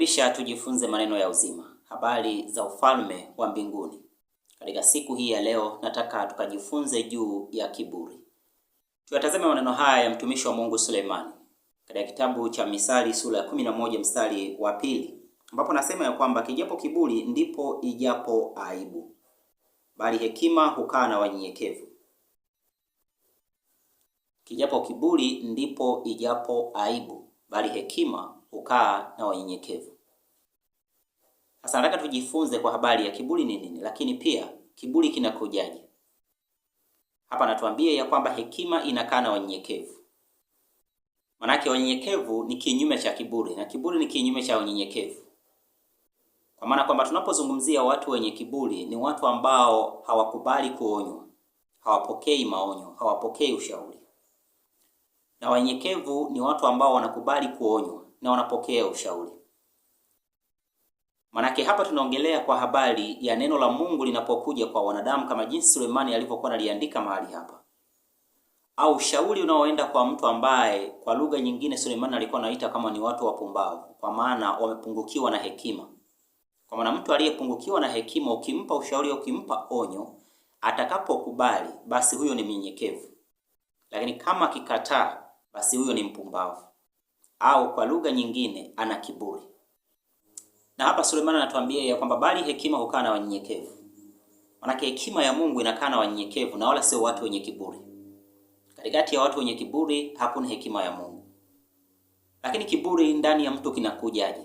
Nakukaribisha tujifunze maneno ya uzima, habari za ufalme wa mbinguni. Katika siku hii ya leo, nataka tukajifunze juu ya kiburi. Tuyatazame maneno haya ya mtumishi wa Mungu Suleimani katika kitabu cha Misali sura ya 11 mstari wa pili, ambapo nasema ya kwamba kijapo kiburi ndipo ijapo aibu, bali hekima hukaa na wanyenyekevu. Kijapo kiburi ndipo ijapo aibu, bali hekima hukaa na wanyenyekevu. Sasa nataka tujifunze kwa habari ya kiburi ni nini, lakini pia kiburi kinakujaje? Hapa natuambia ya kwamba hekima inakaa na wanyenyekevu. Manake wanyenyekevu ni kinyume cha kiburi na kiburi ni kinyume cha wanyenyekevu, kwa maana kwamba tunapozungumzia watu wenye kiburi ni watu ambao hawakubali kuonywa, hawapokei maonyo, hawapokei ushauri, na wanyenyekevu ni watu ambao wanakubali kuonywa na wanapokea ushauri. Manake hapa tunaongelea kwa habari ya neno la Mungu linapokuja kwa wanadamu, kama jinsi Sulemani alivyokuwa analiandika mahali hapa, au shauri unaoenda kwa mtu ambaye kwa lugha nyingine Sulemani alikuwa anaita kama ni watu wapumbavu, kwa maana wamepungukiwa na hekima. Kwa maana mtu aliyepungukiwa na hekima, ukimpa ushauri, ukimpa onyo, atakapokubali basi huyo ni mnyenyekevu, lakini kama akikataa, basi huyo ni mpumbavu, au kwa lugha nyingine ana kiburi. Na hapa Sulemani anatuambia ya kwamba bali hekima hukaa na wanyenyekevu. Manake hekima ya Mungu inakaa na wanyenyekevu na wala sio watu wenye kiburi. Katikati ya watu wenye kiburi hakuna hekima ya Mungu. Lakini kiburi ndani ya mtu kinakujaje?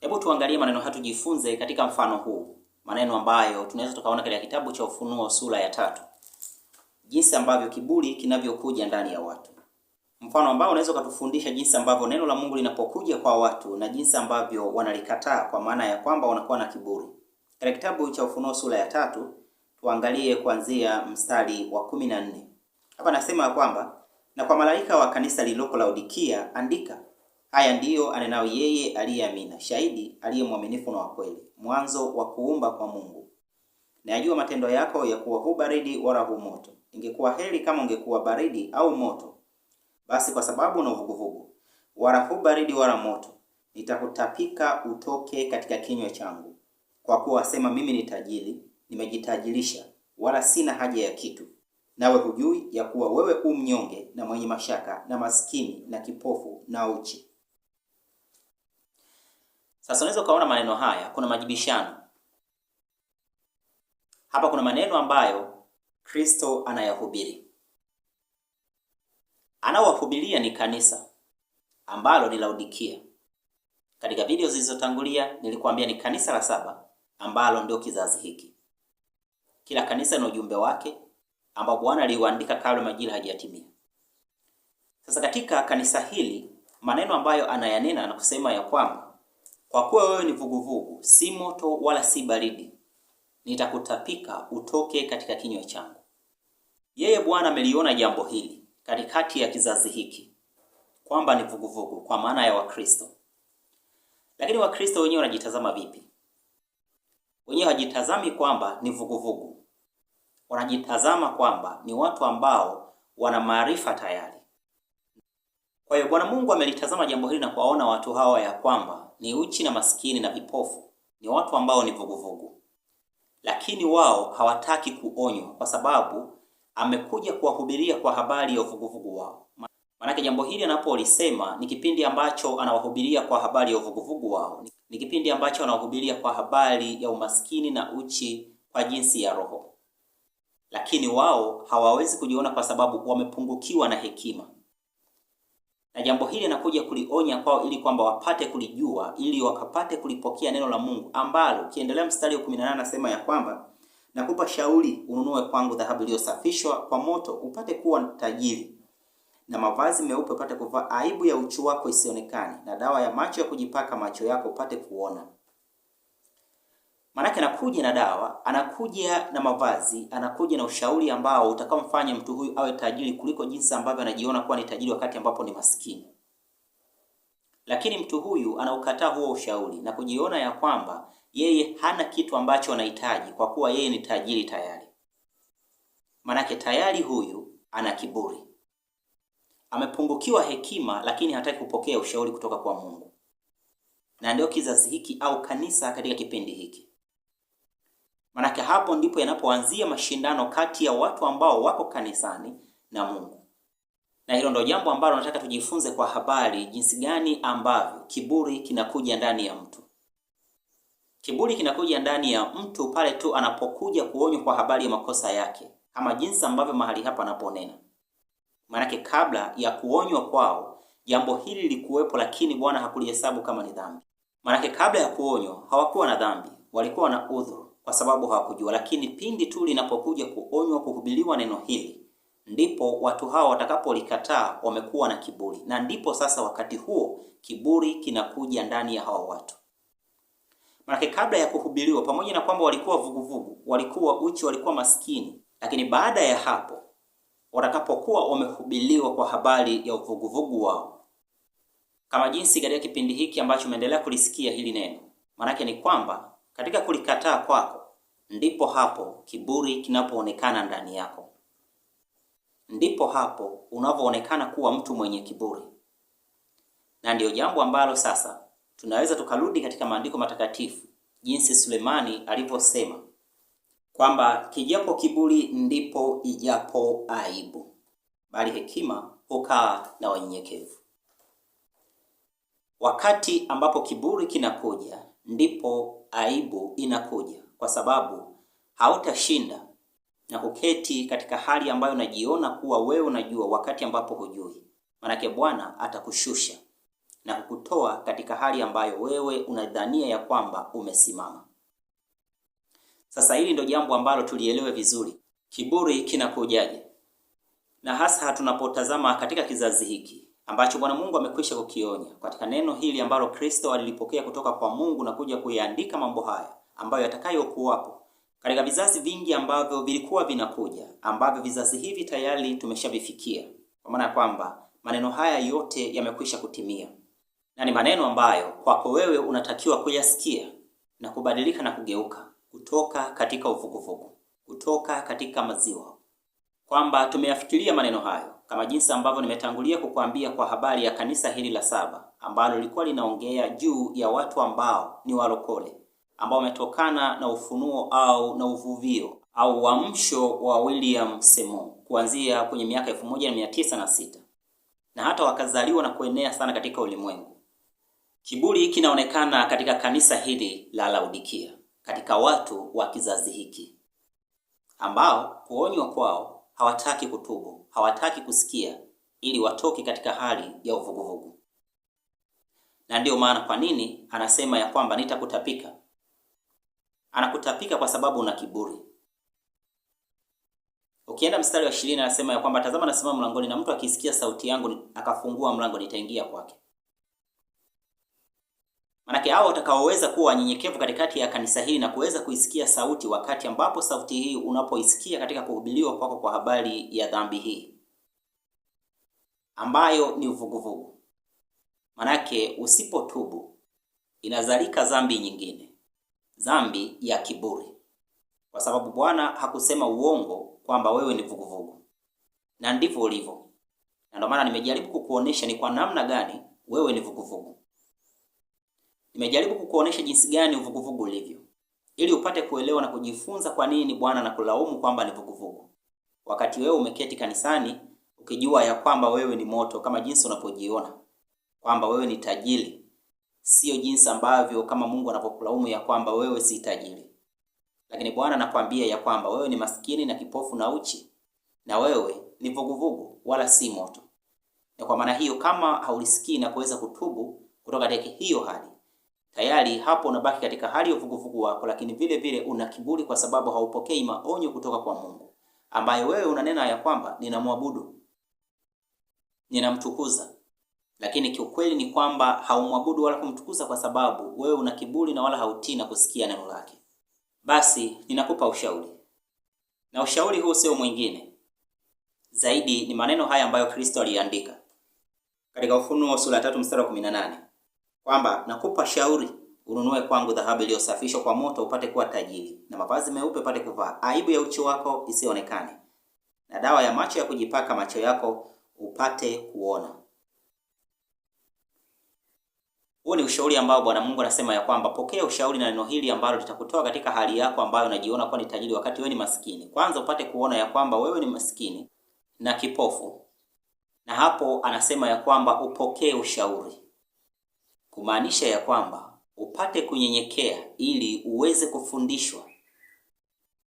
Hebu tuangalie maneno hayo tujifunze katika mfano huu, maneno ambayo tunaweza tukaona katika kitabu cha Ufunuo sura ya tatu, jinsi ambavyo kiburi kinavyokuja ndani ya watu mfano ambao unaweza ukatufundisha jinsi ambavyo neno la Mungu linapokuja kwa watu na jinsi ambavyo wanalikataa kwa maana ya kwamba wanakuwa na kiburi. Katika kitabu cha Ufunuo sura ya tatu tuangalie kuanzia mstari wa kumi na nne. Hapa nasema ya kwamba na kwa malaika wa kanisa lililoko Laodikia andika, haya ndiyo anenayo yeye aliye Amina, shahidi aliye mwaminifu na wa kweli, mwanzo wa kuumba kwa Mungu. Nayajua matendo yako ya kuwa hu baridi wala hu moto. Ingekuwa heri kama ungekuwa baridi au moto. Basi kwa sababu una uvuguvugu, wala hu baridi wala moto, nitakutapika utoke katika kinywa changu. Kwa kuwa wasema, mimi ni tajiri, nimejitajirisha, wala sina haja ya kitu, nawe hujui ya kuwa wewe u mnyonge na mwenye mashaka na maskini na kipofu na uchi. Sasa unaweza ukaona maneno haya, kuna majibishano hapa. Kuna maneno ambayo Kristo anayahubiri anaowahubiria ni kanisa ambalo ni Laodikia. Katika video zilizotangulia nilikuambia ni kanisa la saba ambalo ndio kizazi hiki. Kila kanisa na ujumbe wake ambao Bwana aliuandika kabla majira hajatimia. Sasa katika kanisa hili maneno ambayo anayanena na kusema ya kwamba kwa kuwa wewe ni vuguvugu, si moto wala si baridi, nitakutapika utoke katika kinywa changu. Yeye Bwana ameliona jambo hili katikati ya kizazi hiki kwamba ni vuguvugu kwa maana ya Wakristo. Lakini Wakristo wenyewe wanajitazama vipi? Wenyewe hawajitazami kwamba ni vuguvugu, wanajitazama kwamba ni watu ambao wana maarifa tayari. Kwa hiyo Bwana Mungu amelitazama jambo hili na kuwaona watu hawa ya kwamba ni uchi na maskini na vipofu, ni watu ambao ni vuguvugu, lakini wao hawataki kuonywa kwa sababu amekuja kuwahubiria kwa habari ya uvuguvugu wao. Maanake jambo hili anapolisema ni kipindi ambacho anawahubiria kwa habari ya uvuguvugu wao, ni kipindi ambacho anawahubiria kwa habari ya umaskini na uchi kwa jinsi ya roho, lakini wao hawawezi kujiona kwa sababu wamepungukiwa na hekima, na jambo hili anakuja kulionya kwao ili kwamba wapate kulijua, ili wakapate kulipokea neno la Mungu ambalo ukiendelea mstari wa 18 anasema ya kwamba Nakupa shauri ununue kwangu dhahabu iliyosafishwa kwa moto, upate kuwa tajiri, na mavazi meupe upate kuvaa, aibu ya uchu wako isionekane, na dawa ya macho ya kujipaka macho yako upate kuona. Maanake anakuja na dawa, anakuja na mavazi, anakuja na ushauri ambao utakaomfanya mtu huyu awe tajiri kuliko jinsi ambavyo anajiona kuwa ni tajiri wakati ambapo ni maskini. Lakini mtu huyu anaukataa huo ushauri na kujiona ya kwamba yeye hana kitu ambacho anahitaji kwa kuwa yeye ni tajiri tayari. Manake tayari huyu ana kiburi, amepungukiwa hekima, lakini hataki kupokea ushauri kutoka kwa Mungu, na ndio kizazi hiki au kanisa katika kipindi hiki. Manake hapo ndipo yanapoanzia mashindano kati ya watu ambao wako kanisani na Mungu, na hilo ndio jambo ambalo nataka tujifunze kwa habari, jinsi gani ambavyo kiburi kinakuja ndani ya mtu. Kiburi kinakuja ndani ya mtu pale tu anapokuja kuonywa kwa habari ya makosa yake, kama jinsi ambavyo mahali hapa anaponena. Maanake kabla ya kuonywa kwao jambo hili lilikuwepo, lakini Bwana hakulihesabu kama ni dhambi. Maanake kabla ya kuonywa hawakuwa na dhambi, walikuwa na udhuru kwa sababu hawakujua. Lakini pindi tu linapokuja kuonywa, kuhubiliwa neno hili, ndipo watu hao watakapolikataa wamekuwa na kiburi, na ndipo sasa wakati huo kiburi kinakuja ndani ya hao watu. Maana kabla ya kuhubiriwa, pamoja na kwamba walikuwa vuguvugu, walikuwa uchi, walikuwa maskini, lakini baada ya hapo watakapokuwa wamehubiriwa kwa habari ya uvuguvugu wao, kama jinsi katika kipindi hiki ambacho umeendelea kulisikia hili neno, manake ni kwamba katika kulikataa kwako ndipo hapo kiburi kinapoonekana ndani yako, ndipo hapo unavyoonekana kuwa mtu mwenye kiburi, na ndiyo jambo ambalo sasa tunaweza tukarudi katika maandiko matakatifu jinsi Sulemani alivyosema kwamba kijapo kiburi ndipo ijapo aibu, bali hekima hukaa na wanyenyekevu. Wakati ambapo kiburi kinakuja, ndipo aibu inakuja, kwa sababu hautashinda na kuketi katika hali ambayo unajiona kuwa wewe unajua, wakati ambapo hujui. Manake Bwana atakushusha na kukutoa katika hali ambayo wewe unadhania ya kwamba umesimama. Sasa hili ndio jambo ambalo tulielewe vizuri, kiburi kinakujaje, na hasa tunapotazama katika kizazi hiki ambacho Bwana Mungu amekwisha kukionya katika neno hili ambalo Kristo alilipokea kutoka kwa Mungu na kuja kuyaandika mambo haya ambayo yatakayokuwapo katika vizazi vingi ambavyo vilikuwa vinakuja, ambavyo vizazi hivi tayari tumeshavifikia, kwa maana ya kwamba maneno haya yote yamekwisha kutimia na ni maneno ambayo kwako wewe unatakiwa kuyasikia na kubadilika na kugeuka kutoka katika uvuguvugu, kutoka katika maziwa, kwamba tumeyafikiria maneno hayo kama jinsi ambavyo nimetangulia kukuambia kwa habari ya kanisa hili la saba ambalo lilikuwa linaongea juu ya watu ambao ni walokole ambao wametokana na ufunuo au na uvuvio au uamsho wa William Seymour kuanzia kwenye miaka 1906 na hata wakazaliwa na kuenea sana katika ulimwengu. Kiburi kinaonekana katika kanisa hili la Laodikia, katika watu wa kizazi hiki ambao kuonywa kwao hawataki kutubu, hawataki kusikia ili watoke katika hali ya uvuguvugu. Na ndiyo maana kwa nini anasema ya kwamba nitakutapika. Anakutapika kwa sababu una kiburi. Ukienda mstari wa ishirini anasema ya kwamba tazama, nasimama mlangoni, na mtu akisikia sauti yangu akafungua mlango, nitaingia kwake Manake hao watakaoweza kuwa wanyenyekevu katikati ya kanisa hili na kuweza kuisikia sauti, wakati ambapo sauti hii unapoisikia katika kuhubiliwa kwako kwa habari ya dhambi hii ambayo ni uvuguvugu. Manake usipotubu inazalika dhambi nyingine, dhambi ya kiburi, kwa sababu Bwana hakusema uongo kwamba wewe ni vuguvugu, na ndivyo ulivyo. Na ndio maana nimejaribu kukuonesha ni kwa namna gani wewe ni vuguvugu Nimejaribu kukuonesha jinsi gani uvuguvugu ulivyo ili upate kuelewa na kujifunza kwa nini Bwana anakulaumu kwamba ni vuguvugu, wakati wewe umeketi kanisani ukijua ya kwamba wewe ni moto, kama jinsi unapojiona kwamba wewe ni tajiri, siyo jinsi ambavyo kama Mungu anapokulaumu ya kwamba wewe si tajiri. Lakini Bwana anakwambia ya kwamba wewe ni maskini na kipofu na uchi, na wewe ni vuguvugu, wala si moto. Na kwa maana hiyo, kama haulisikii na kuweza kutubu kutoka katika hiyo hali tayari hapo unabaki katika hali ya uvuguvugu wako, lakini vile vile una kiburi, kwa sababu haupokei maonyo kutoka kwa Mungu, ambaye wewe unanena ya kwamba ninamwabudu, ninamtukuza, lakini kiukweli ni kwamba haumwabudu wala kumtukuza, kwa sababu wewe una kiburi na wala hautii na kusikia neno lake. Basi ninakupa ushauri, na ushauri huu sio mwingine zaidi ni maneno haya ambayo Kristo aliandika katika Ufunuo sura ya 3 mstari wa 18 kwamba nakupa shauri ununue kwangu dhahabu iliyosafishwa kwa moto upate kuwa tajiri, na mavazi meupe upate kuvaa, aibu ya uchi wako isionekane, na dawa ya macho ya kujipaka macho yako upate kuona. Huu ni ushauri ambao Bwana Mungu anasema ya kwamba pokea ushauri na neno hili ambalo litakutoa katika hali yako ambayo unajiona kuwa ni tajiri wakati wewe ni maskini. Kwanza upate kuona ya kwamba wewe ni maskini na kipofu, na hapo anasema ya kwamba upokee ushauri kumaanisha ya kwamba upate kunyenyekea ili uweze kufundishwa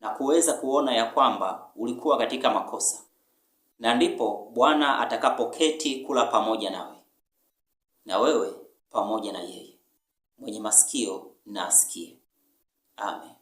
na kuweza kuona ya kwamba ulikuwa katika makosa, na ndipo Bwana atakapoketi kula pamoja nawe na wewe pamoja na yeye. Mwenye masikio na asikie. Amen.